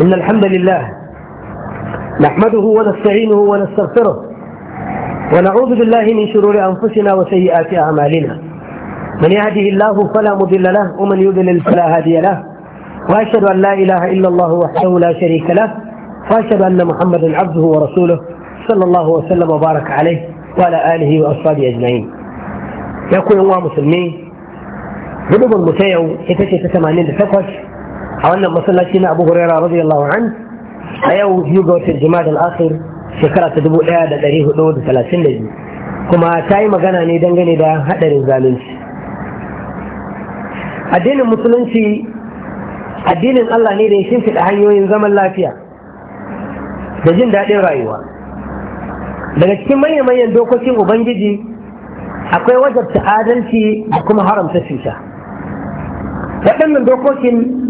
إن الحمد لله نحمده ونستعينه ونستغفره ونعوذ بالله من شرور أنفسنا وسيئات أعمالنا من يهده الله فلا مضل له ومن يضلل فلا هادي له وأشهد أن لا إله إلا الله وحده لا شريك له وأشهد أن محمدا عبده ورسوله صلى الله وسلم وبارك عليه وعلى آله وأصحابه أجمعين يقول الله مسلمين بدون متيع ثمانين 88 a wannan masallaci na abu hurera radiyallahu an a yau biyu ga watan jima'a da shekara ta dubu ɗaya da ɗari hudu da talatin da biyu kuma ta yi magana ne dangane da haɗarin zalunci addinin musulunci addinin Allah ne da ya shimfiɗa hanyoyin zaman lafiya da jin daɗin rayuwa daga cikin manya-manyan dokokin ubangiji akwai wajabta adalci da kuma haramta cuta waɗannan dokokin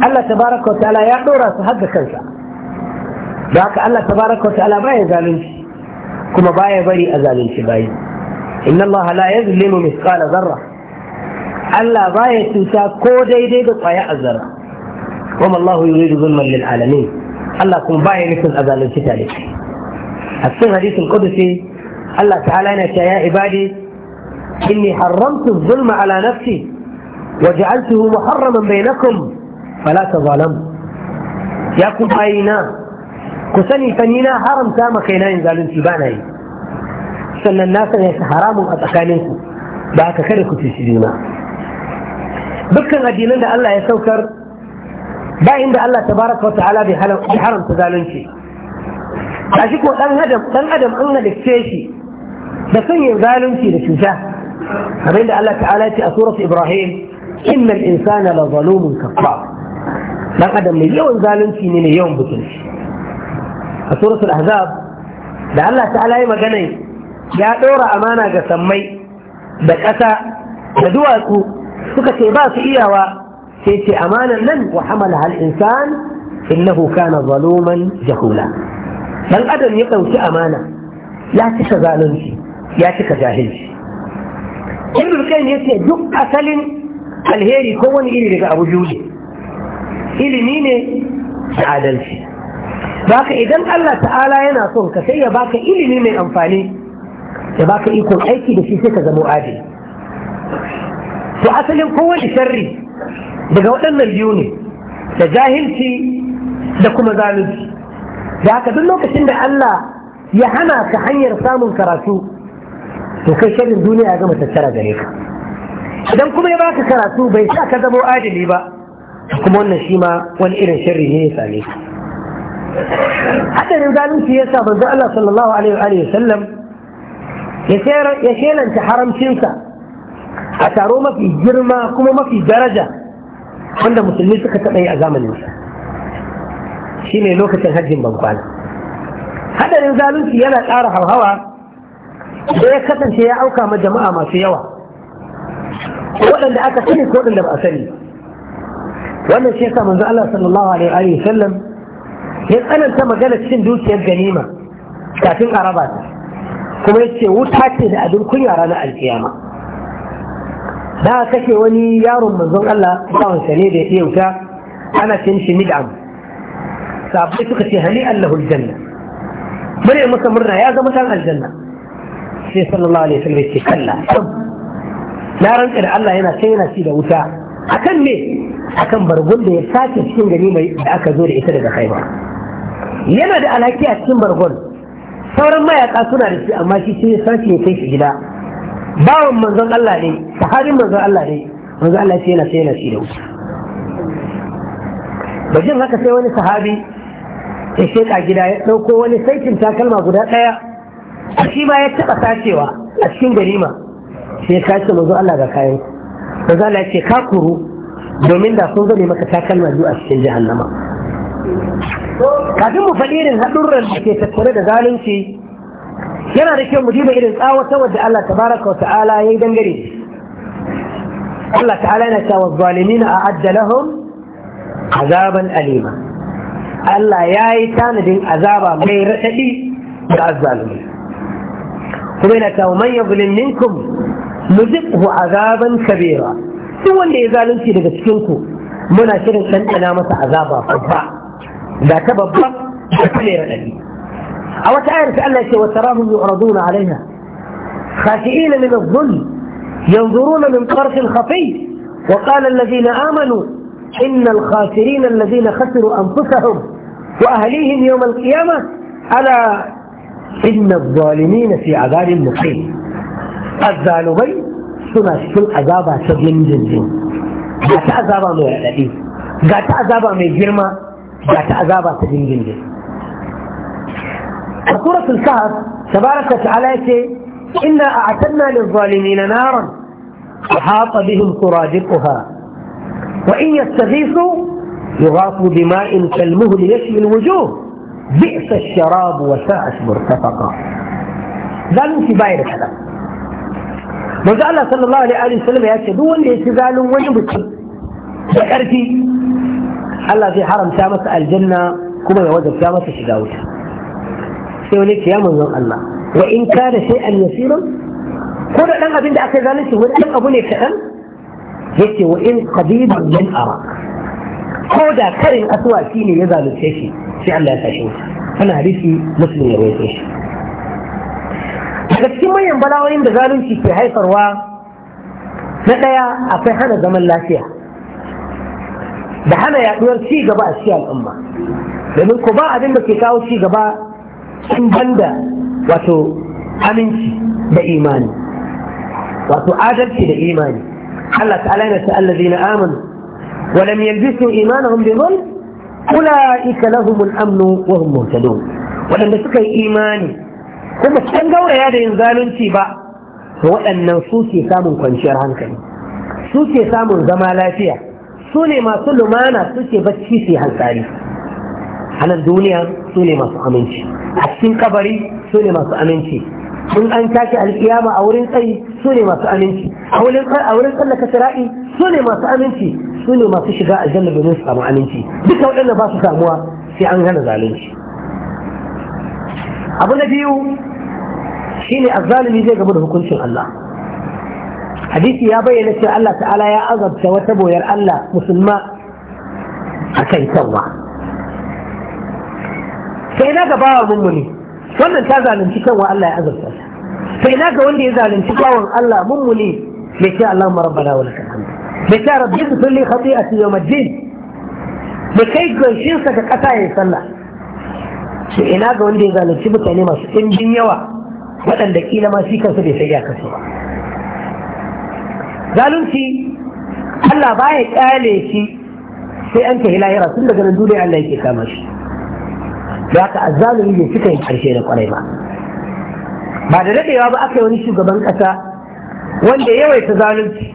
Allah Ta wa ta'ala ya dora su har kansa da haka Allah tabaraka wa ta'ala baya zalunci kuma baya bari a zalunci bayi inna Allah la yazlimu mithqala zarra Allah baya cuta ko daidai da kwaya azzara kuma Allah yuridu zulman lil alamin Allah kuma ba ya nufin a zalunci tare. a cikin hadisin qudusi Allah ta'ala yana cewa ya ibadi inni haramtu zulma ala nafsi وجعلته محرما بينكم Falata ta zalamu ya ku bayina ku sani fa ni na haramta ma kaina yin zalunci ba na yi sannan na sanya shi haramun a tsakaninku ba haka kada ku ci juna dukkan addinan da Allah ya saukar ba inda Allah ta baraka wa ta'ala bai haramta zalunci a shi ko dan adam dan adam an halicce shi da son zalunci da cuta kamar da Allah ta'ala ya ce a suratu Ibrahim innal insana la zalumun dan adam mai yawan zalunci ne mai yawan butulci a suratul ahzab da Allah ta'ala ya magana ya ɗora amana ga sammai da ƙasa da duwatsu suka ce ba su iyawa sai ce amanan nan wa hamala hal insan innahu kana zaluman jahula dan adam ya ɗauki amana ya cika zalunci ya cika jahilci ibn qayyim yace duk asalin alheri ko wani iri daga abu biyu ilimi ne da adalci baka idan Allah ta'ala yana son ka sai ya baka ilimi mai amfani ya baka ikon aiki da shi sai ka zama adi. to asalin kowane sharri daga waɗannan biyu ne da jahilci da kuma zalunci da haka duk lokacin da Allah ya hana ka hanyar samun karatu to kai shirin duniya ya gama tattara gare ka idan kuma ya baka karatu bai sa ka zama adili ba kuma wannan shi ma wani irin sharri ne ya same ka hadarin zalunci ya sa banzu Allah sallallahu alaihi wa sallam ya shelanta haramcinsa a taro mafi girma kuma mafi daraja wanda musulmi suka taɓa yi a zamaninsa shi ne lokacin hajjin bankwan. hadarin zalunci yana ƙara hauhawa da ya kasance ya auka ma jama'a masu yawa waɗanda aka sani ko waɗanda ba a sani wannan shi yasa manzo Allah sallallahu alaihi wa sallam ya tsananta magana cin dukiyar ganima kafin a raba ta kuma yace wuta ce da abin kunya ranar alkiyama da kake wani yaron manzon Allah kawai sane da ya wuta ana cin shi mid'am sabai suka ce hali Allahu aljanna bare masa murna ya zama dan aljanna sai sallallahu alaihi wa sallam ya ce kalla na rantsa da Allah yana sai yana ci da wuta akan ne kan bargon da ya sace cikin gani mai da aka zo da ita daga haifa yana da alhaki a cikin bargon sauran mayaka suna da shi amma shi sai sace ya kai shi gida bawan manzon Allah ne sahabin manzon Allah ne manzon Allah sai yana sai yana shi da wuta bajin haka sai wani sahabi ya sheka gida ya ɗauko wani saitin takalma guda ɗaya a shi ma ya taɓa sacewa a cikin ganima sai ya sace manzon Allah ga kayan manzo Allah ce ka kuru domin da sun zame maka takalma biyu a cikin jahannama kafin mu faɗi irin haɗurran da ke tattare da zalunci yana da kyau mu duba irin tsawata wadda Allah tabaraka wa ta'ala yayi dangare Allah ta'ala yana cewa zalimina a'adda azaban alima Allah yayi tanadin azaba mai raɗaɗi ga azzalumi kuma yana cewa man yuzlim minkum نذقه عذابا كبيرا سوى اللي إذا لنت لذلك منا شرين كان أنا مسا عذابا قبا لا كبب رب كبير الأليم أو تعرف أن الله وتراهم يعرضون عليها خاشئين من الظلم ينظرون من طرف خفي وقال الذين آمنوا إن الخاسرين الذين خسروا أنفسهم وأهليهم يوم القيامة ألا إن الظالمين في عذاب مقيم الزالوبي سنة سنة أزابا سجن جن جن جاتا أزابا ميعدي جاتا أزابا ميجرما جاتا أزابا سجن جن جن سورة الكهف تبارك تعالى إنا أعتدنا للظالمين نارا أحاط بهم سرادقها وإن يستغيثوا يغاثوا بماء كالمهل يشوي الوجوه بئس الشراب وساعة مرتفقة قالوا في بايرك هذا manzo Allah sallallahu alaihi wa sallam ya ce duk wanda ya ci zalun wani mutum da ƙarfi Allah zai haramta masa aljanna kuma ya wajabta masa shiga wuta sai wani ce ya manzon Allah wa in kana shay'an yasira ko da dan abin da aka zalunci wani dan abu ne kaɗan yace wa in qadiban min arak ko da karin aswa ne ya zalunce shi sai Allah ya sashi wuta wannan hadisi muslim ya rawaito shi daga cikin manyan bala'o'in da zalunci ke haifarwa na ɗaya akwai hana zaman lafiya da hana yaɗuwar ci gaba a cikin al'umma domin ko ba abin da ke kawo ci gaba sun banda wato aminci da imani wato adalci da imani Allah ta'ala yana ta allazina amanu wa lam yalbisu imanahum bi dhulm ulaika lahumul amnu wa hum muhtadun wadanda suka yi imani kuma can gauraya da yin zalunci ba waɗannan su ke samun kwanciyar hankali su ke samun zama lafiya su ne masu lumana su ke bacci su hankali a nan duniya su ne masu aminci a cikin kabari su ne masu aminci in an tashi alkiyama a wurin tsayi su ne masu aminci a wurin tsallaka sira'i su ne masu aminci su ne masu shiga aljanna domin su samu aminci duka waɗanda ba su samuwa sai an gana zalunci abu na biyu shine azzalimi zai gaba da hukuncin Allah hadisi ya bayyana cewa Allah ta'ala ya azabta wata boyar Allah musulma a kan kyanwa sai na gaba wa mummuni wannan ta zalunci kyanwa Allah ya azabta sai na ga wanda ya zalunci kyawun Allah mummuni bai ce Allah marabbana wa lakal hamd bai ce rabbi ighfir li khati'ati yawm ad-din bai kai ganshin sa ga kasa yayin sallah sai ina ga wanda ya zalunci mutane masu ɗimbin yawa waɗanda ƙila ma shi kansa bai sai iyakarsu ba zalunci Allah ba ya ƙyale shi sai an kai lahira tun daga nan duniya Allah yake kama shi da haka azzalumi bai cika yin ƙarshe da ƙwarai ba ba da daɗewa ba aka yi wani shugaban ƙasa wanda yawaita zalunci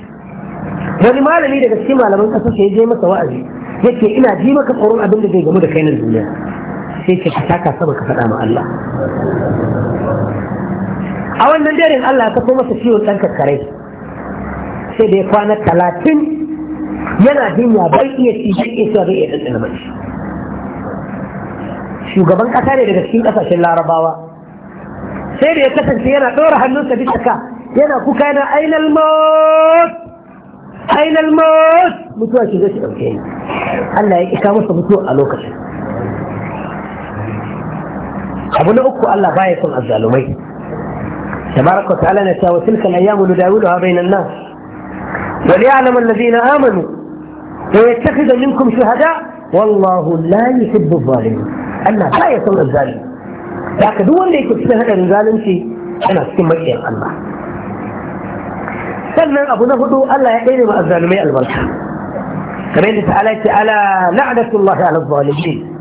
wani malami daga cikin malaman ƙasa sai je masa wa'azi yake ina ji maka tsoron abin da zai gamu da kai na duniya sai ce ka taka sama ka faɗa ma Allah a wannan daren Allah ta kuma masa ciwo ɗan kakkarai sai da ya kwana talatin yana jinya bai iya ci bai iya ci bai iya ɗanɗana mai shugaban ƙasa ne daga cikin ƙasashen larabawa sai da ya kasance yana ɗora hannunsa bisa ka yana kuka yana ainal mot ainal mot mutuwa shi zai shi ɗauke ni Allah ya ƙika masa mutuwa a lokacin abu na uku Allah baya son azzalumai تبارك وتعالى نسى وتلك الأيام نداولها بين الناس وليعلم الذين آمنوا ويتخذ منكم شهداء والله لا يحب الظالمين الله لا يسوي الظالم لكن هو اللي يتشهد الظالم شيء أنا أسكن مجيئ الله سلم أبو نهدو الله يقين مع الظالمين البركة كما تعالى تعالى لعنة الله على الظالمين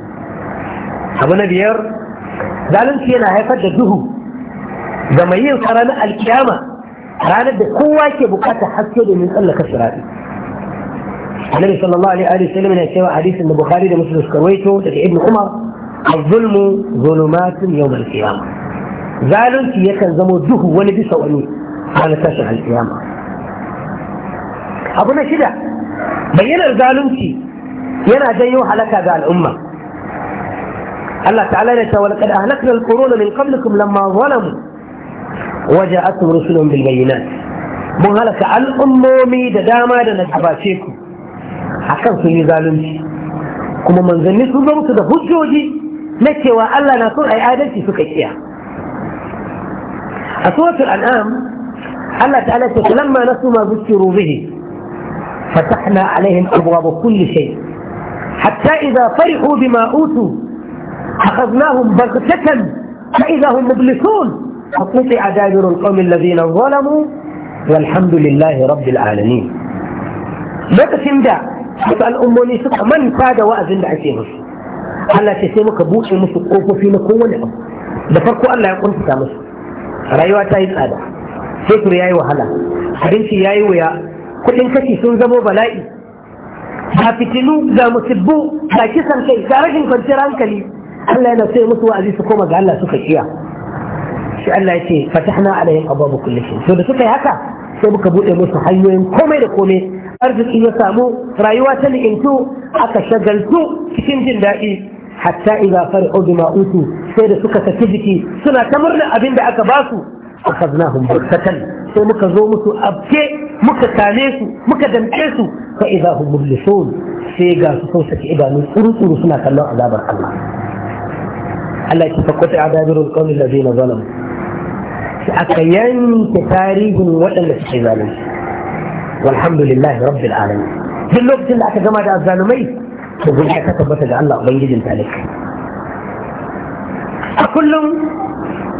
أبو نبيار ظالم شيء أنا هيفد ga mai yin sa ranar alkiyama ranar da kowa ke bukatar haske domin tsallaka sirari annabi sallallahu alaihi wa sallam yana cewa hadisin da bukhari da muslim suka rawaito daga ibnu umar az-zulmu zulumatun yawm al-qiyama zalunci yakan zamo duhu wani bisa wani ranar tashin alkiyama abu na shida bayyanar zalunci yana janyo halaka ga al'umma Allah ta'ala ya ce wa laqad ahlakna al-quruna min qablikum lamma zalamu وجاءتهم رسلهم بالبينات من على الأمومي داما دانا حباشيكو حكم سني ظالم كما من ظنس الظروف تدفع الجوجي نكي وألا نصر أي آدم في سكة إياه أسوة الأنعام الله تعالى لما نسوا ما ذكروا به فتحنا عليهم أبواب كل شيء حتى إذا فرحوا بما أوتوا أخذناهم بغتة فإذا هم مبلسون فقطع دابر القوم الذين ظلموا والحمد لله رب العالمين lokacin da wasu al'ummomi suka manta da wa'azin da ake musu Allah ce sai muka buɗe musu ƙofofi na kowane abu da farko Allah ya kuntuta musu rayuwa ta yi tsada fetur ya yi wahala abinci ya yi wuya kuɗin kashi sun zamo bala'i ga fitilu ga musibbu ga kisan kai ga rashin kwanciyar hankali Allah yana so musu wa'azi su koma ga Allah suka kiya Sai Allah ya ce fatahna alaihim ababu kulli shay to da suka yi haka sai muka bude musu hanyoyin komai da komai arziki ya samu rayuwa ta ni'intu aka shagaltu cikin jin daɗi hatta idza far'u bima utu sai da suka tafi jiki suna ta murna abin da aka ba su akhadnahum baktatan sai muka zo musu abke muka kame su muka damke su fa idza hum mublisun sai ga su sun saki idanu tsuru suna kallon azabar Allah Allah ya tafakkata adabirul qawmi allazina zalamu aka yanke tarihin waɗanda suke zalunci walhamdulillahi rabbil alamin duk lokacin da aka gama da azzalumai to gudu ka tabbata ga Allah ubangijin talaka a kullum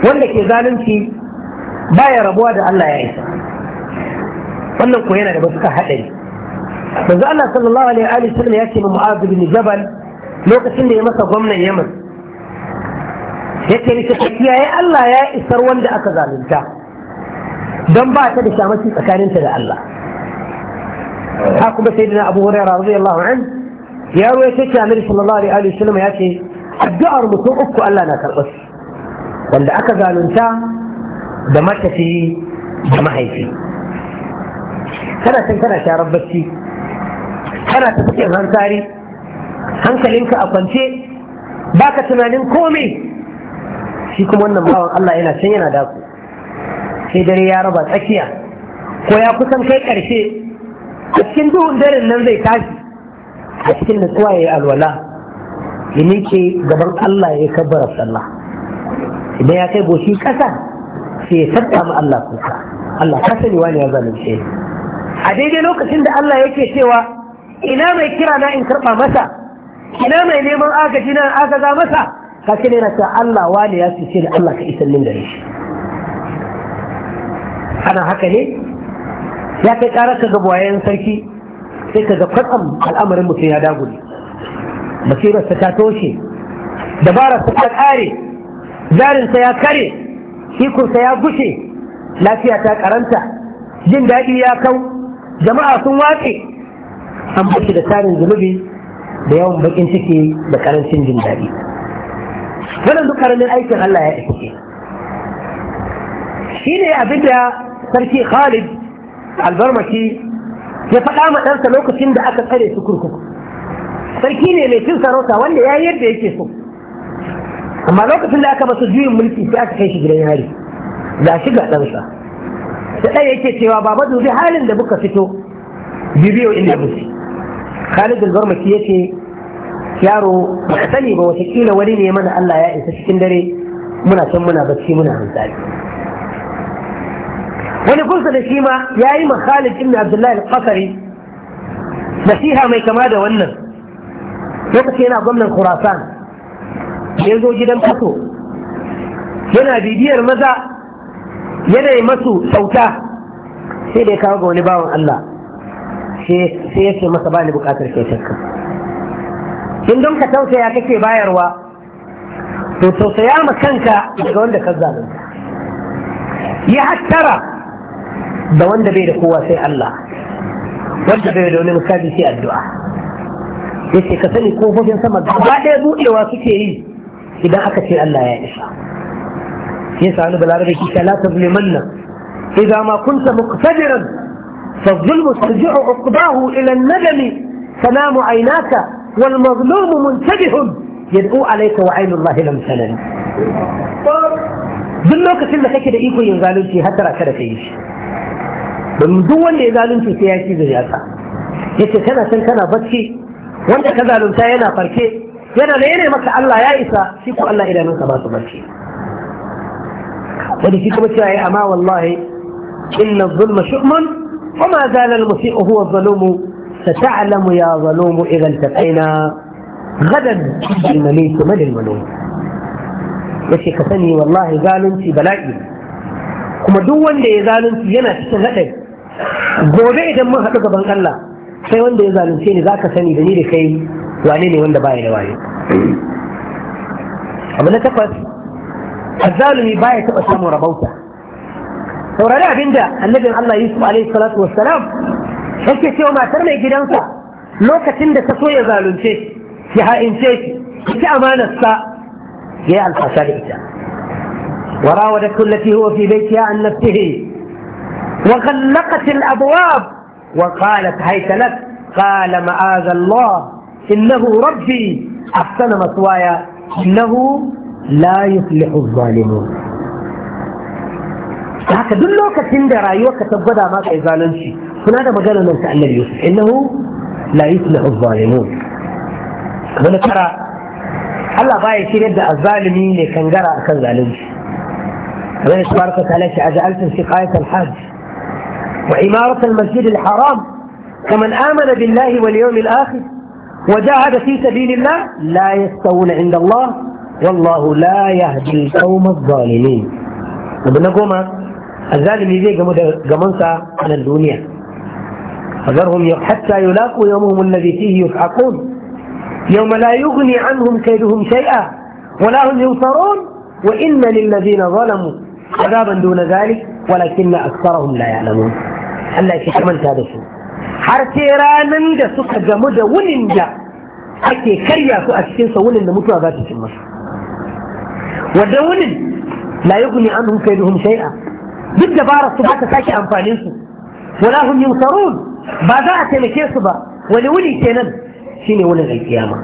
wanda ke zalunci baya rabuwa da Allah ya isa wannan ko yana da matuƙar haɗari manzo Allah sallallahu alaihi wa sallam ya ce mu Mu'adh bin Jabal lokacin da ya masa gwamnan Yaman yake nake ka kiyaye Allah ya isar wanda aka zalunta don ba ta da shamaki tsakaninta da Allah ha kuma sai dina abu hurairah radiyallahu ya ruwa ce ce sallallahu alaihi wa sallam ya ce addu'ar mutum uku Allah na karɓar wanda aka zalunta da matafi da mahaifi kana can kana sharar bacci kana ta cikin hankali hankalinka a kwance baka tunanin komai shi kuma wannan bawan Allah yana can yana daku sai dare ya raba tsakiya ko ya kusan kai ƙarshe a cikin duhun daren nan zai tashi a cikin tsawaye ya yi alwala ya ke gaban Allah ya kabbara sallah idan ya kai goshi ƙasa sai ya mu Allah kuka Allah ka sani wani ya zalunce a daidai lokacin da Allah yake cewa ina mai kira na in karɓa masa ina mai neman agaji na agaza masa kake ne na ta Allah wani ya ce da Allah ka isa min gare shi ana haka ne ya kai karar ka ga buwayen sarki sai ka ga kwatsam al'amarin mutum ya dagule basirarsa ta toshe dabararsa ta kare jarinsa ya kare ikonsa ya gushe lafiya ta karanta jin daɗi ya kau jama'a sun watse an bashi da tarin zunubi da yawan bakin ciki da karancin jin daɗi wannan duk karamin aikin Allah ya iske shi ne abinda sarki Khalid albarmaci ya faɗa ma ɗansa lokacin da aka tsare su kurkuku sarki ne mai cin sarauta wanda ya yi yadda yake so amma lokacin da aka basu juyin mulki sai aka kai shi gidan yari ga shi ga ɗansa da ɗaya yake cewa baba dubi halin da muka fito bibiyo inda musu Khalid albarmashi yake yaro ba ka sani ba watakila wani ne mana Allah ya isa cikin dare muna can muna bacci muna hansari wani kursa da shi ma ya yi ma Khalid ibn Abdullahi al-Qasari nasiha mai kama da wannan lokaci yana gwamnan Khurasan ya zo gidan kaso yana bibiyar maza yana yi masu sauta sai da ya kawo ga wani bawan Allah sai ya ce masa bani bukatar kyautar in don ka tausaya kake bayarwa to tausaya ma kanka daga wanda ka zalunta yi hattara da wanda bai da kowa sai Allah wanda bai da wani misali sai addu'a yace ka sani kofofin sama gaba ɗaya buɗewa suke yi idan aka ce Allah ya isa yasa wani balarabe kika la tazlimanna إذا ما كنت مقتدرا فالظلم ترجع عقباه إلى الندم sanamu aynaka. والمظلوم منتبه يدعو عليك وعين الله لم تنم duk lokacin da kake da iko yin zalunci tara kada ka yi shi domin duk wanda ya zalunci sai ya ci da yasa yace tana san kana bacci wanda ka zalunta yana farke yana da yana maka Allah ya isa shi ko Allah idanunsa ba su bacci wani shi kuma cewa ya amma wallahi inna zulma shu'mun وما زال المسيء هو الظلوم ستعلم يا ظلوم إذا التقينا غدا المميت من الملوم yace ka sani wallahi zalunci bala'i kuma duk wanda ya zalunci yana cikin haɗari gobe idan mun haɗu gaban Allah sai wanda ya zalunce ni zaka sani da ni da kai wane ne wanda baya da waye abu na takwas azzalumi baya taɓa samun rabauta saurari abinda annabin Allah Yusuf alaihi salatu wassalam yake cewa matar mai gidansa lokacin da ta so ya zalunce shi ya ha'ince shi ita amanarsa ya yi alfasha da ita وراودته التي هو في بيتها عن نفسه وغلقت الابواب وقالت هيت qala قال allah innahu rabbi ahsana maswaya innahu la yuflihu يفلح الظالمون haka duk lokacin da rayuwarka ta gwada maka zalunci هناك مجال من سأل النبي يوسف إنه لا يصلح الظالمون هنا ترى الله باي شي يبدا الظالمين اللي كان قرا كان ظالمش الله تبارك وتعالى اجعلت سقايه الحج وعماره المسجد الحرام فمن امن بالله واليوم الاخر وجاهد في سبيل الله لا يستوون عند الله والله لا يهدي القوم الظالمين ربنا قوما الظالم يجي قمنسا على الدنيا وذرهم حتى يلاقوا يومهم الذي فيه يفعقون يوم لا يغني عنهم كيدهم شيئا ولا هم ينصرون وان للذين ظلموا عذابا دون ذلك ولكن اكثرهم لا يعلمون الا في حمل هذا الشيء حرتيرا ننجا سكا جامدا وننجا حتى كريا فاكسين صون ان متوا ذات في مصر ودون لا يغني عنهم كيدهم شيئا ضد بارا صبحت ساكي انفانسوا ولا هم ينصرون ba za a taimake su ba wani wuni kenan shine wani zai kiyama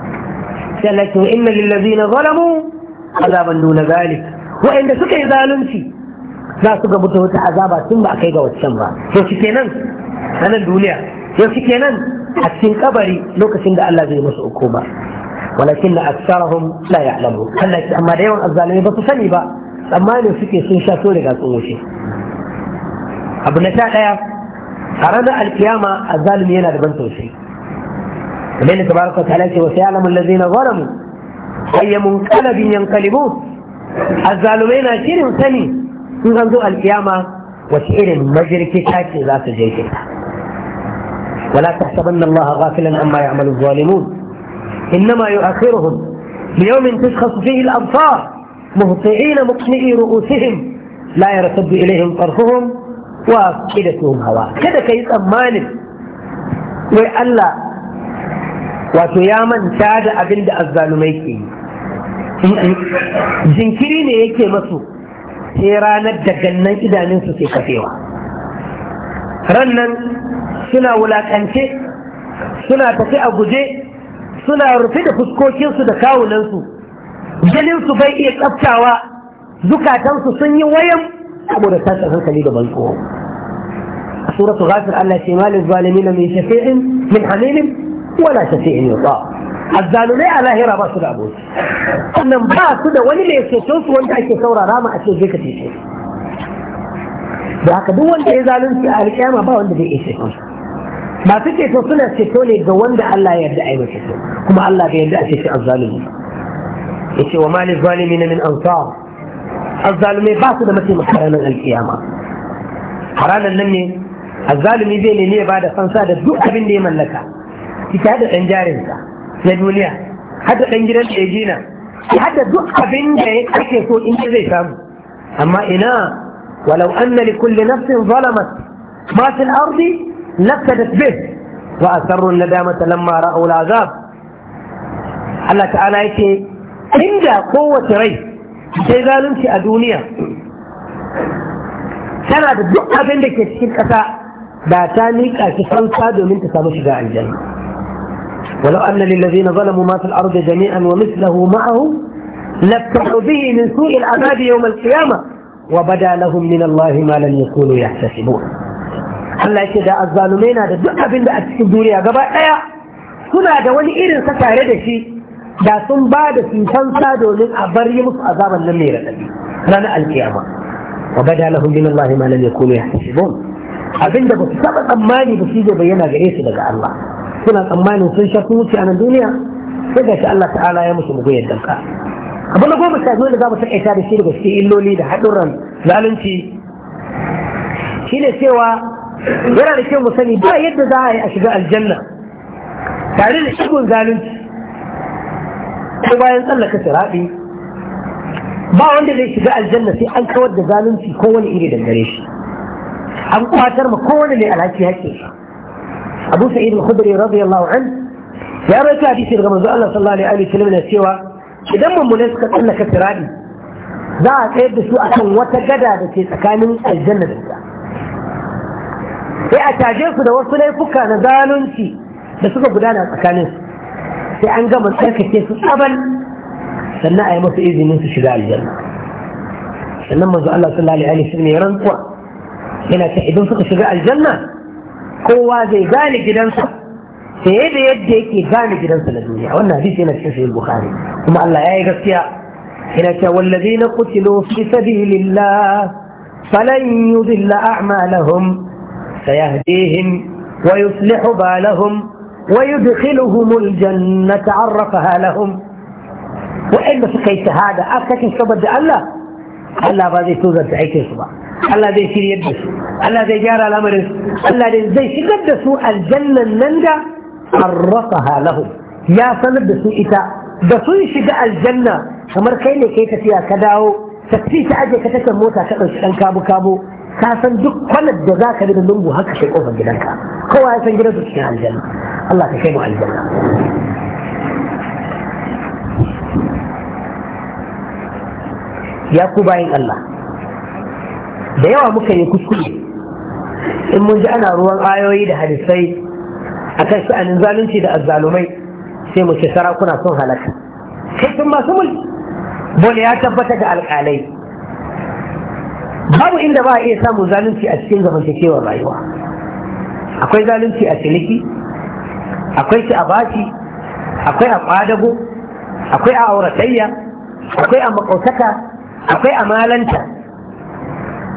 sai Allah ya ce inna lillazina zalamu azaban duna zalik wa'anda suka yi zalunci za su gabu da wata azaba tun ba a kai ga waccan ba to shi kenan a nan duniya to shi kenan a cikin kabari lokacin da Allah zai musu hukuma walakin na aksarahum la ya'lamu Allah ce amma da yawan azzalimi ba su sani ba tsammanin suke sun sha so daga sun wuce abu na ta daya ارانا القيامه الظالم ينا لبن توسي لان تبارك وتعالى وسيعلم الذين ظلموا اي منقلب ينقلبون الظالمين اشير سني تنظر القيامه وشعر المجر كتاك لا تجي ولا تحسبن الله غافلا عما يعمل الظالمون انما يؤخرهم ليوم تشخص فيه الابصار مهطعين مقنعي رؤوسهم لا يرتد اليهم طرفهم wa da hawa kada ka yi tsammanin wai Allah wato ya manta da abin da azzalumai ke yi jinkiri ne yake masu sai ranar da gannan idanunsu ke kafewa rannan suna wulakance suna tafi a guje suna rufe da fuskokinsu da kawunansu jalinsu bai iya tsaftawa zukatansu sun yi wayan أبو رسالة أخوك ليدا بلقوم سورة غافر على شمال الظالمين من شفيع من حميم ولا شفيع يطاع الزالو ليه على هيرا باسو لابوس أنا مباسو دا ولي ليه سيسوس وانت عايش سورة راما أشيو زيكا تيشي بعك دوان دي زالو في أهل كياما با وانت دي إيشي ما في سيسوسنا سيسولي دوان دا الله يبدأ أيما سيسو كما الله بيبدأ سيسي الظالمين إيشي وما للظالمين من أنصار الظالمي باسو دا مسي من القيامة حرانا لني الظالمي زيني ليه بعد سنسا دا دو أبن دي من لكا تتعد انجاري انسا لدوليا حتى انجران تيجينا حتى دو أبن دي كيف يكون انجي زي سام أما إنا ولو أن لكل نفس ظلمت ما في الأرض لفتت به وأسروا الندامة لما رأوا العذاب الله تعالى يكي عند قوة ريس sai zalunci a duniya tana da duk abin da ke cikin ƙasa ba ta nika shi fansa domin ta samu shiga aljanna ولو أن للذين ظلموا ما في الأرض جميعا ومثله معه لابتحوا به من سوء العذاب يوم القيامة وبدا لهم من الله ما لم يكونوا يحتسبون هل يشدى الظالمين هذا الدعاء بين بأسك الدولية قبائل هنا هذا ولي إذن ستاردشي da sun ba da fitansa domin a bar yi musu azaban nan mai raɗaɗi ranar alkiyama wa bada lahum min Allah ma ya yakunu yahtasibun abinda ba su taba tsammani ba shi zai bayyana gare su daga Allah suna tsammanin sun sha sun wuce a nan duniya sai ga shi Allah ta'ala ya musu mugu yadda ka abu na goma sha biyu da za mu taƙaita da shi daga cikin illoli da haɗurran zalunci ne cewa yana da kyau mu sani ba yadda za a yi a shiga aljanna tare da shigun zalunci ko bayan tsallaka siraɗi ba wanda zai shiga aljanna sai an kawar da zalunci ko wani iri dangare shi an kwatar ma ko wani mai alhaki hakkin abu sa'id al-khudri radiyallahu an ya rawaita hadisi daga manzo Allah sallallahu alaihi wa sallam cewa idan mummune suka tsallaka siraɗi za a tsayar da su akan wata gada da ke tsakanin aljanna da ita sai a caje su da wasu laifuka na zalunci da suka gudana tsakanin su. في عن قبل كيف كيف قبل سنة أي ما في إذن ينسى شداء الجنة سنة ما زال الله صلى الله عليه وسلم يرنقوا هنا تحدون فقه شداء الجنة قوة زي قاني جدنسة في هذا يديك قاني جدنسة للدنيا وانا هذه هنا تشفي البخاري وما الله يا قصيا هنا والذين قتلوا في سبيل الله فلن يضل أعمالهم سيهديهم ويصلح بالهم ويدخلهم الجنة عرفها لهم وإن فكيت هذا أكتك شبد ألا ألا بذي توزن تحيك يصبع ألا ذي سير يدس ألا ذي جار الأمر ألا ذي سيقدسوا الجنة النندة عرفها لهم يا سند دسو إتا دسو يشد الجنة أمر كيني كيت فيها كداو تكفيت أجي كتك موتا كأن كابو كابو كاسن دك ولد دغاك من النمو هكا أوفا جدا كابو كوا يسن جدا تكفيها الجنة Allah ka kai mu aljanna ya ku bayin Allah da yawa muka yi kuskure in mun ji ana ruwan ayoyi da hadisai akan sa'anin zalunci da azzalumai sai mu ce sarakuna sun halaka kai sun masu mulki bole ya tabbata ga alƙalai babu inda ba a iya samun zalunci a cikin zamantakewar rayuwa akwai zalunci a ciniki akwai shi a bashi akwai a ƙwadago akwai a auratayya akwai a makautaka akwai a malanta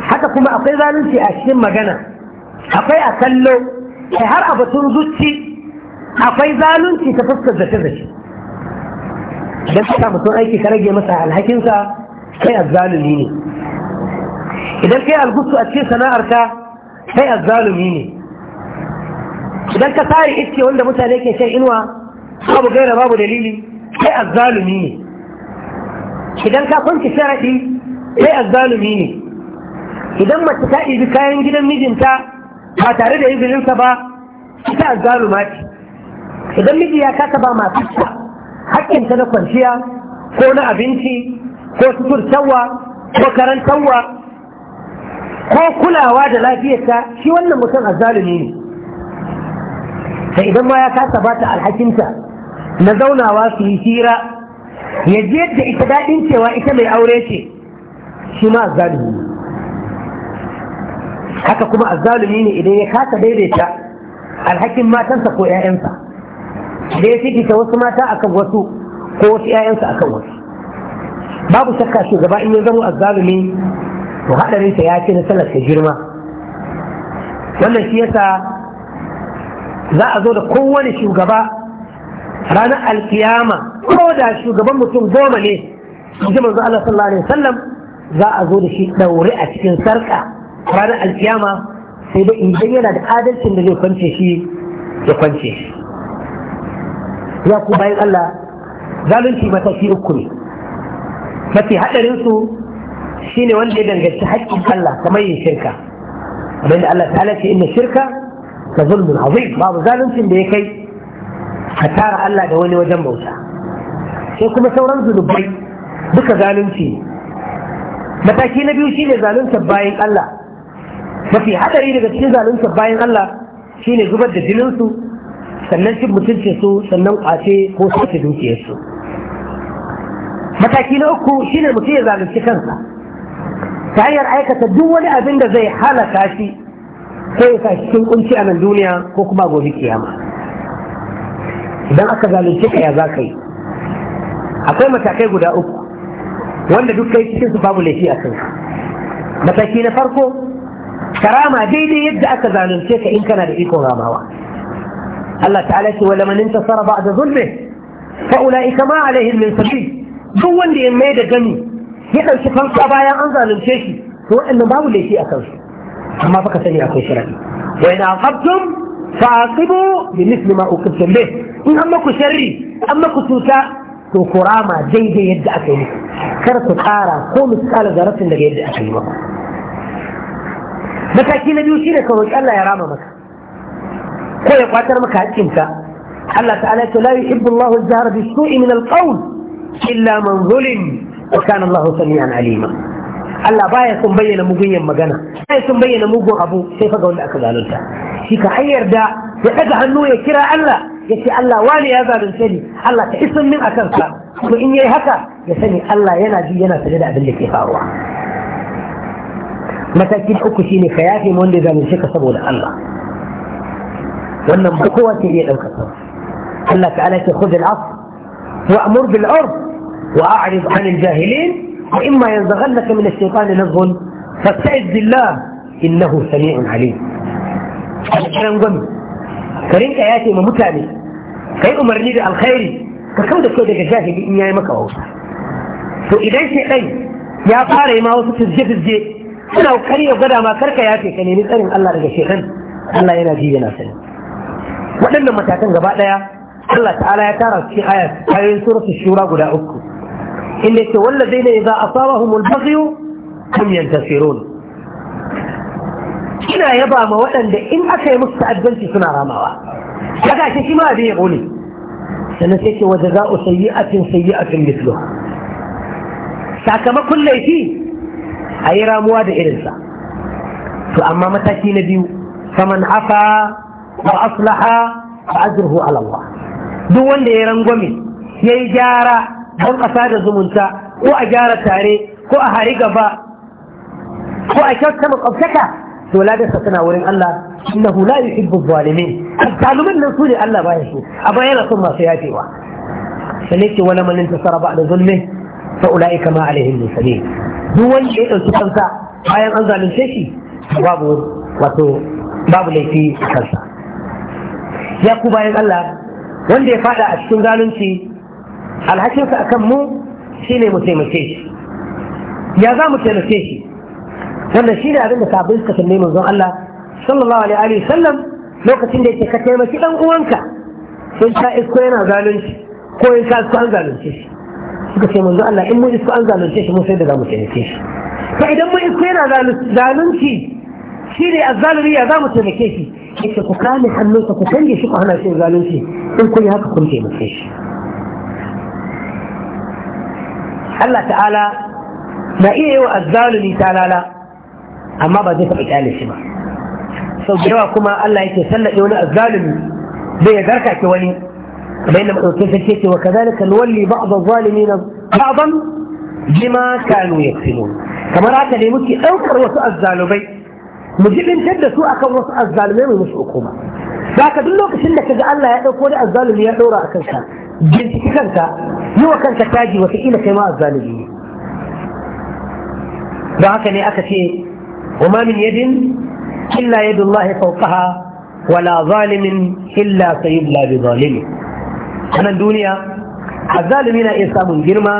haka kuma akwai zalunci a cikin magana akwai a kallo kai har a batun zuci akwai zalunci ta fuskar zace zace idan ka mutum aiki ka rage masa alhakinsa kai azzalumi ne idan kai algusu a cikin sana'arka kai azzalumi ne idan ka tsari iske wanda mutane ke shan inuwa babu gaira babu dalili sai azzalumi ne idan ka kwanci sharaɗi sai azzalumi ne idan mace ta ibi kayan gidan mijinta ba tare da izininsa ba ita azzaluma ce idan miji ya kasa ba masu ta hakkinta na kwanciya ko na abinci ko suturtawa ko karantarwa ko kulawa da lafiyarta shi wannan mutum azzalumi ne sai idan ma ya kasa ba ta alhakinta na zaunawa su yi hira ya ji yadda ita daɗin cewa ita mai aure ce shi ma azzalumi haka kuma azzalumi ne idan ya kasa daidaita alhakin matansa ko 'ya'yansa da ya fifita wasu mata akan wasu ko wasu 'ya'yansa akan wasu babu shakka shugaba in ya zama azzalumi to haɗarinsa ya ce na salar ta girma wannan shi yasa za a zo da kowane shugaba ranar alkiyama ko da shugaban mutum goma ne ji manzo Allah sallallahu alaihi wasallam za a zo da shi daure a cikin sarka ranar alkiyama sai dai idan yana da adalcin da zai kwance shi ya kwance shi ya ku bayan Allah zalunci mataki uku ne mafi haɗarin su shine wanda ya danganci haƙƙin Allah kamar yin shirka abinda Allah ta ce inna shirka ka zulmul azim babu zaluncin da ya kai ka tara Allah da wani wajen bauta sai kuma sauran zunubai duka zalunci mataki na biyu shine zaluntar bayan Allah mafi hadari daga cikin zaluntar bayan Allah shine zubar da jinin su sannan cin mutunci su sannan kwace ko sace dukiyarsu mataki na uku shine mutum ya zalunci kansa ta hanyar aikata duk wani abin da zai halaka shi ko ya sa cikin kunci a nan duniya ko kuma gobe kiyama idan aka zalunce ka ya za ka yi akwai matakai guda uku wanda duk kai cikin su babu laifi a kanka mataki na farko karama daidai yadda aka zalunce ka in kana da ikon ramawa Allah ta'ala ce wa man intasara ba'da zulmi fa ulaika ma alaihim min sabi duk wanda ya mai da gani ya dauki fansa bayan an zalunce shi to wa'annan babu laifi a kansu اما فك سني اكو شرعي وان اصبتم فاصبوا بمثل ما اوكبت به ان اما شري اما كو سوتا تو كراما دي دي يد اكو كر تو قارا كو مسال زرت اند يد اكو مكا متاكي نبي وشي لك روك الله يرام مكا كو يقاتر مكا حكيمكا الله تعالى لا يحب الله الزهر بالسوء من القول إلا من ظلم وكان الله سميعا عليما Allah baya sun bayyana mugunyan magana baya sun bayyana mugun abu sai faga wanda aka zalunta shi ka an da ya daga hannu ya kira Allah ya ce Allah wani ya zalunce ni Allah ta isin min akan sa to in yayi haka ya sani Allah yana ji yana sane da abin da ke faruwa matakin uku shine ka yafe mu wanda ya zalunce ka saboda Allah wannan ba kowa ke iya ɗaukar sa Allah ta'ala ce khudh al-'afw wa'mur bil-'urf wa'rid 'anil jahilin وإما ينزغنك من الشيطان نزغ فاستعذ بالله إنه سميع عليم الكلام قم كريمك ياتي ممتعني كي أمرني بالخير كم دا كودك جاهل إن ياي مكا ووسع تو إذا شيء يا فاري ما وسط الزي في الزي أنا وكري وقدا ما كرك ياتي كان ينزغن الله رجا شيخا الله ينادي ينا سنة وأنا متاكن قبعد يا Allah ta'ala ya tara cikin ayat ayoyin suratul shura guda uku inda ke wallazi ne za a saba humul baziyu kun yantasirun ina yaba ma waɗanda in aka yi musu ta'addanci suna ramawa kaga shi shi ma abin yabo ne sannan sai ce wajen za'u sayyi'atin sayyi'atin mislu sakamakon laifi a yi ramuwa da irinsa to amma mataki na biyu saman afa wa aslaha fa ajruhu ala Allah duk wanda ya rangwame yayi gyara don a sada zumunta ko a gyara tare ko a hari gaba ko a kyauta makwabtaka to ladarsa tana wurin Allah innahu la yuhibbu zalimin zalimin nan su ne Allah baya su a bayyana son masu yafewa sai ce wala man intasara ba'da zulmi fa ulaika ma alaihim min sabil duk wanda ya dauki kansa bayan an zalunce shi babu wato babu laifi kansa ya ku bayan Allah wanda ya fada a cikin zalunci alhakinsa akan mu shine mu taimake shi ya za mu taimake shi wannan shine abin da sabbin suka tambaye manzon Allah sallallahu alaihi wa sallam lokacin da yake ka taimaki dan uwanka sun ta isko yana zalunci ko in ka isko an zalunce shi suka ce manzon Allah in mun isko an zalunce shi mun sai da za mu taimake shi Ka idan mun isko yana zalunci shi ne azzalumi ya za mu taimake shi yake ku kame hannunsa ku canje shi ku hana shi zalunci in kun yi haka kun taimake shi Allah ta'ala na iya yi wa azzalumi talala amma ba zai taɓa kyale shi ba sau da yawa kuma Allah yake sallaɗe wani azzalumi bai garka ke wani kamar yadda maɗaukin sarki ce wa kazalika nuwalli ba'dha na. ba'dan bima kanu yaksimun kamar haka ne muke ɗaukar wasu azzalumai mu jibintar da su akan wasu azzalumai mu musu hukuma zaka duk lokacin da kaga Allah ya ɗauko da azzalumi ya ɗora akan sa binciki kanka yi wa kanka taji ila kai ma azzalimi da haka ne aka ce wa ma min yadin illa yadullahi fawqaha wala zalimin illa sayubla bi zalimi anan duniya azzalimi na iya samun girma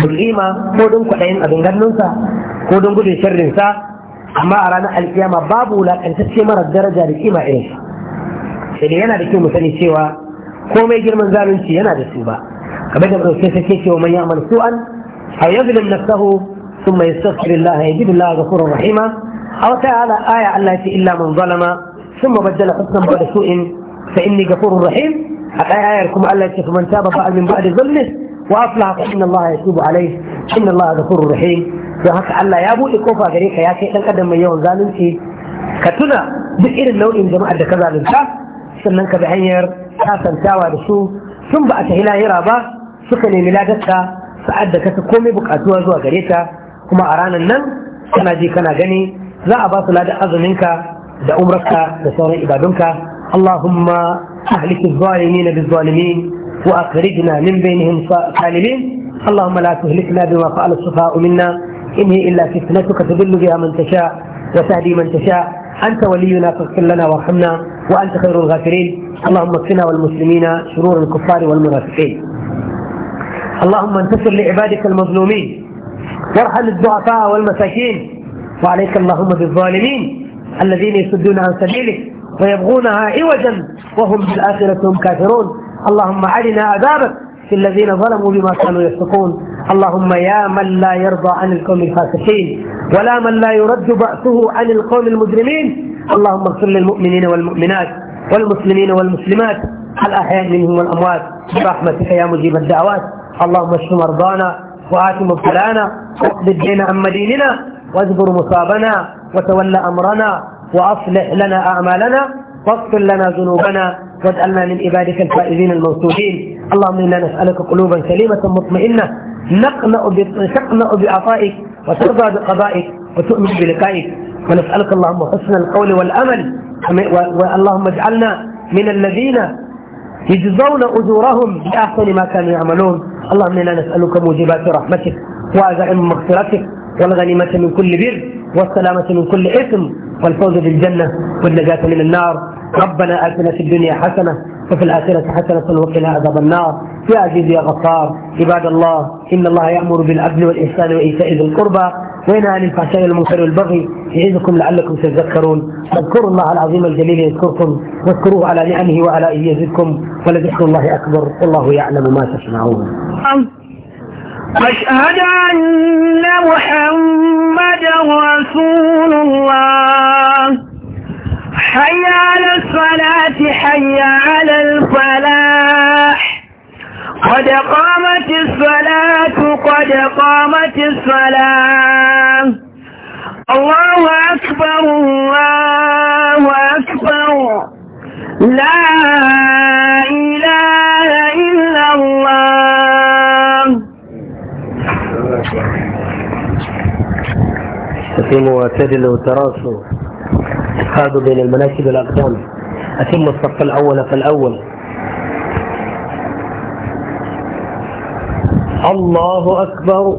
bulima ko don kwaɗayin abin gannunsa ko don gudun sharrinsa amma a ranar alkiyama babu wulaƙantacce marar daraja da kima irin sai yana da kyau mu sani cewa Ko mai girman zalunci yana da su ba kamar da ɗauke ta ke cewa manyan amal su'an a yazlim nafsahu ثم يستغفر الله bada su'in. غفورا رحيما أو تعالى آية التي إلا من ظلم ثم بدل حسنا بعد سوء فإني غفور رحيم الآية آيكم التي فمن تاب بعد من بعد ظلمه وأصلح فإن الله يتوب عليه إن الله غفور rahim. don haka Allah ya buɗe kofa gare ka ya kai ɗan adam mai yawan zalunci ka tuna duk irin nau'in jama'ar da ka zalunta sannan ka bi hanyar kasantawa da su tun ba a tahi lahira ba suka nemi ladarta sa'ad da kasa komai bukatuwa zuwa gare ta kuma a ranar nan kana ji kana gani za a ba su ladar azuminka da umrarka da sauran ibadunka Allahumma ahliki الظالمين بالظالمين وأخرجنا من بينهم سالمين اللهم لا تهلكنا بما فعل السفهاء منا إن هي إلا فتنتك تضل بها من تشاء وتهدي من تشاء أنت ولينا فاغفر لنا وارحمنا وأنت خير الغافرين اللهم اكفنا والمسلمين شرور الكفار والمنافقين اللهم انتصر لعبادك المظلومين وارحم الضعفاء والمساكين وعليك اللهم بالظالمين الذين يسدون عن سبيلك ويبغونها عوجا وهم بالآخرة هم كافرون اللهم علنا عذابك في الذين ظلموا بما كانوا يفسقون اللهم يا من لا يرضى عن القوم الفاسقين ولا من لا يرد بأسه عن القوم المجرمين اللهم اغفر للمؤمنين والمؤمنات والمسلمين والمسلمات الأحياء منهم والأموات برحمتك يا مجيب الدعوات اللهم اشف مرضانا وآت مبتلانا واقض الدين عن مديننا واجبر مصابنا وتول أمرنا وأصلح لنا أعمالنا واغفر لنا ذنوبنا واجعلنا من عبادك الفائزين الموصولين اللهم إنا نسألك قلوبا سليمة مطمئنة نقنأ بعطائك وترضى بقضائك وتؤمن بلقائك ونسألك اللهم حسن القول والأمل اللهم اجعلنا من الذين يجزون أجورهم بأحسن ما كانوا يعملون اللهم إنا نسألك موجبات رحمتك وأزعم مغفرتك والغنيمة من كل بر والسلامة من كل إثم والفوز بالجنة والنجاة من النار ربنا آتنا في الدنيا حسنة وفي الآخرة حسنة وقنا عذاب النار يا عزيز يا غفار عباد الله إن الله يأمر بالعدل والإحسان وإيتاء ذي القربى وينهى عن الفحشاء والمنكر والبغي يعيدكم لعلكم تذكرون فاذكروا الله العظيم الجليل يذكركم واذكروه على نعمه ان يزدكم ولذكر الله أكبر والله يعلم ما تصنعون أشهد أن محمد رسول الله حي على الصلاة حي على الفلاح قد قامت الصلاة قد قامت الصلاة الله أكبر الله أكبر لا إله إلا الله أتموا واعتدلوا وتراصوا اتخاذوا بين المناكب والأقدام أتم الصف الأول فالأول الله أكبر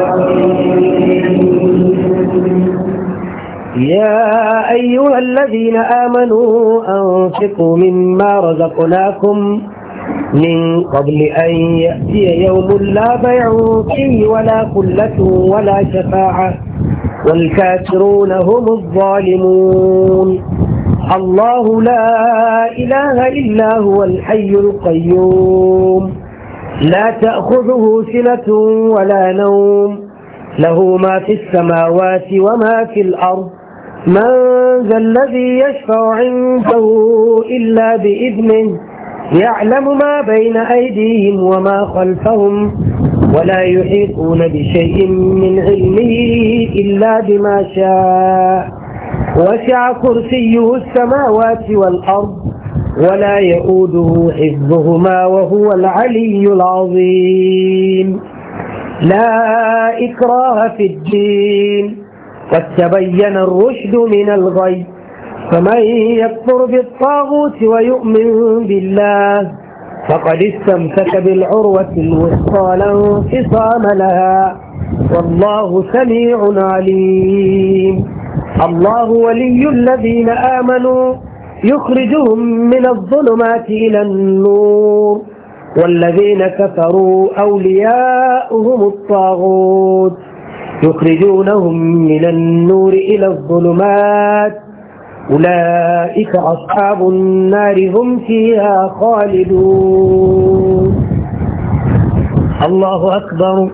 يا أيها الذين آمنوا أنفقوا مما رزقناكم من قبل أن يأتي يوم لا بيع فيه ولا قلة ولا شفاعة والكافرون هم الظالمون الله لا إله إلا هو الحي القيوم لا تأخذه سنة ولا نوم له ما في السماوات وما في الأرض من ذا الذي يشفع عنده إلا بإذنه يعلم ما بين أيديهم وما خلفهم ولا يحيطون بشيء من علمه إلا بما شاء وسع كرسيه السماوات والأرض ولا يؤوده حفظهما وهو العلي العظيم لا إكراه في الدين قد تبين الرشد من الغي فمن يكفر بالطاغوت ويؤمن بالله فقد استمسك بالعروة الوثقى لا انفصام لها والله سميع عليم الله ولي الذين آمنوا يخرجهم من الظلمات إلى النور والذين كفروا أولياؤهم الطاغوت يخرجونهم من النور إلى الظلمات أولئك أصحاب النار هم فيها خالدون الله أكبر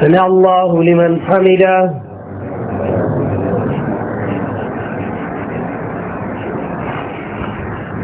سمع الله لمن حمده